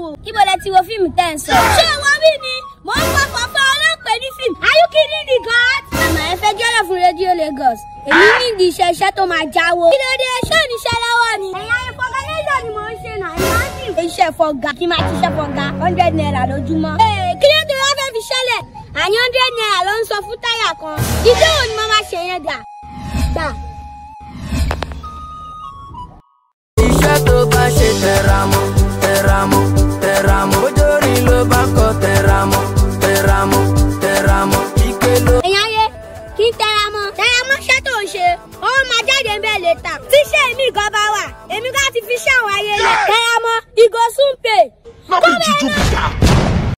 wò. ibo lẹ ti wo fíìmù tẹ́ ń sọ. ṣé ìwọ bí mi mò ń wọ fọfọ ọlọ́pẹ ní fíìmù ayúkìní ni god. màmá ẹ fẹ́ jọ́rọ̀ fún rédíò Lagos èmi ní ìdí iṣẹ́ iṣẹ́ tó máa jáwó. kí ló dé ṣé ò ní iṣẹ́ lọ́wọ́ ni. ẹ̀yà ìfọkànlẹ́sọ̀ ni mò ń ṣe náà ẹ̀ iṣẹ́ fọ̀gà kí máa ti iṣẹ́ fọ̀gà hundred naira lójúmọ́. ee kí ló dé wọ́n fẹ́ fi ṣẹlẹ̀ àní hundred naira ló ń sọ fún táyà kan. ìjọ́ òní mo máa ṣèyẹn gà gbà lè tà tíṣẹ́ èmi gan bá wà èmi gan ti fi ṣàwọn ayẹyẹ rárá mọ́ ìgò súnpè. náà bí jíjú